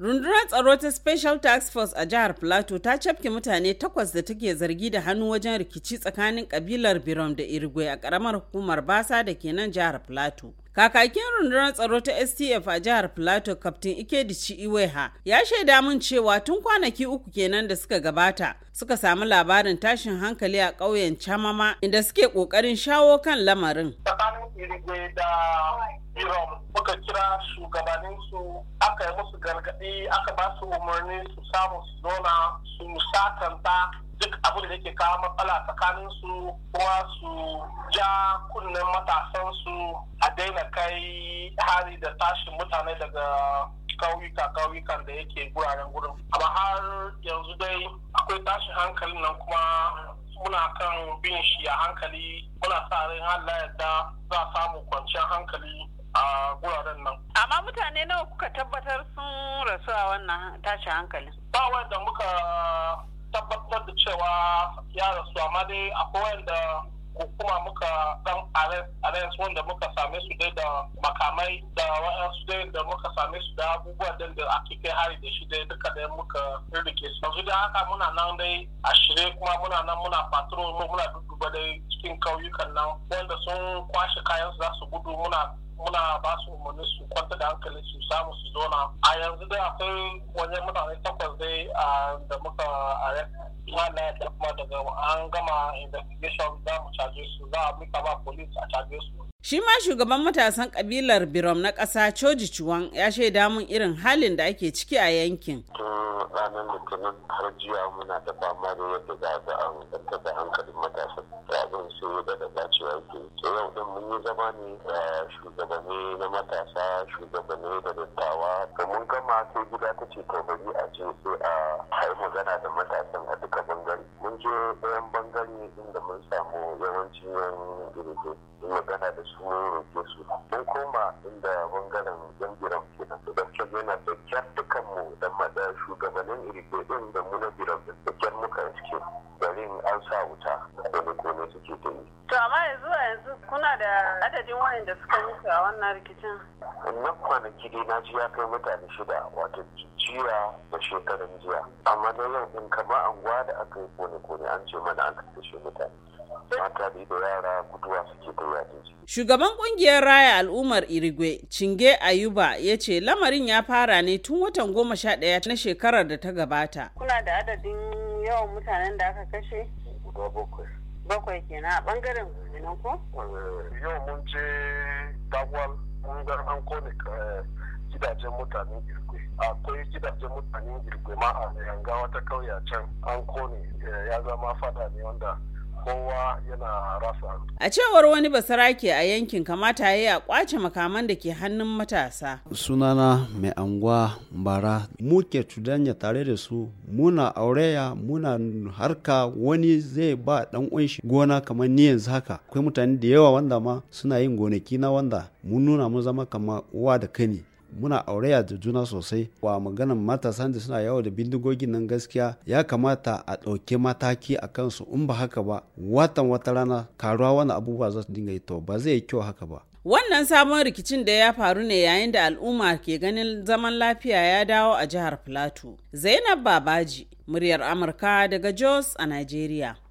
Rundunar tsaro ta Special Task Force a jihar Plateau ta cafke mutane takwas da take zargi da hannu wajen rikici tsakanin kabilar Birom da Irigwe a karamar hukumar Basa da ke nan jihar Plateau. Kakakin rundunar tsaro ta STF a jihar Plateau Captain Ikedici Iweha ya shaida min cewa tun kwanaki uku kenan da suka gabata suka samu labarin tashin hankali a ƙauyen Chamama inda suke ƙoƙarin shawo kan lamarin. irigwe da irom muka kira shugabanninsu aka yi musu gargaɗi aka ba su umarni su samu su zona su satanta duk abu da yake kawo matsala tsakanin su kuma su ja kunnen matasan su a daina kai hari da tashin mutane daga kauyuka kauyukan da yake guraren gurin amma har yanzu dai akwai tashin hankalin nan kuma muna kan bin shi a hankali muna sa ran Allah yadda za samu kwanciyar hankali a guraren nan. Amma mutane nawa kuka tabbatar sun rasu a wannan tashin hankali. Ba wanda muka tabbatar da cewa ya rasu amma dai akwai wanda ko kuma muka dan arrest wanda muka same su dai da makamai da wa'ansu dai da muka same su da abubuwa dan da ake kai hari da shi dai duka dai muka rike su yanzu da haka muna nan dai a shirye kuma muna nan muna patrol muna dudduba dai cikin kauyukan nan wanda sun kwashe kayan su za su gudu muna muna ba su umarni su kwanta da hankali su samu su zona a yanzu dai akwai wajen mutane takwas dai ah, da muka arrest wannan ya kuma daga an gama investigation za mu caje su za a mika police a caje su Shi ma shugaban matasan kabilar Birom na ƙasa Choji Chuwan ya shaida mun irin halin da ake ciki a yankin. Tun ranar Litinin har jiya muna da fama da yadda za ga an kwantar hankalin matasan da abin su da da dacewa ke. yau din mun yi zama ne da eh, shugabanni na matasa, shugabanni da dattawa. Da mun gama sai gida ta ce to bari a je sai a kai magana da matasan a duka bangare. Mun je ɗayan bangare inda mun samu yawancin yan girgin magana da su sun roƙe su mun koma inda bangaren bangaren kenan da gaske yana da kyar dukanmu da mada shugabannin irige din da mu na biran da kyar muka cike garin an sa wuta da kone suke ta yi. to amma yanzu a yanzu kuna da adadin wayan da suka mutu a wannan rikicin. na kwanaki dai na ji ya kai mutane shida wato jiya da shekarun jiya amma na yau in kama anguwa da aka yi kone kone an ce mana an kashe mutane mata da yara guduwa suke ta yaƙi Shugaban kungiyar raya al'ummar Irigwe, Cinge Ayuba ya ce lamarin ya fara ne tun watan goma sha ɗaya na shekarar da ta gabata. Kuna da adadin yawan mutanen da aka kashe? bakwai. kenan a ɓangaren gudunan ko? Eh, yau mun je Dagwal mun ga an kone eh, gidajen mutanen Irigwe. Akwai gidajen mutanen Irigwe ma a hanga wata kauya can an kone eh, ya zama fada ne wanda kowa yana rasa. A cewar wani basarake a yankin kamata ya yi a kwace makaman da ke hannun matasa. Sunana mai anguwa bara muke cudanya tare da su muna aureya muna harka wani zai ba dan shi gona kamar ni yanzu haka. Akwai mutane da yawa wanda ma suna yin gonaki na wanda mun nuna mu zama kama uwa da kani. muna auraya da juna sosai wa maganan matasan da suna yawo da bindigogin nan gaskiya ya kamata a ɗauki mataki a kansu in ba haka ba watan wata rana karuwa wani abubuwa za su dinga yi to ba zai yi kyau haka ba Wannan sabon rikicin da ya faru ne yayin da al'umma ke ganin zaman lafiya ya dawo a jihar Plateau. Zainab Babaji, muryar Amurka daga Jos a nigeria.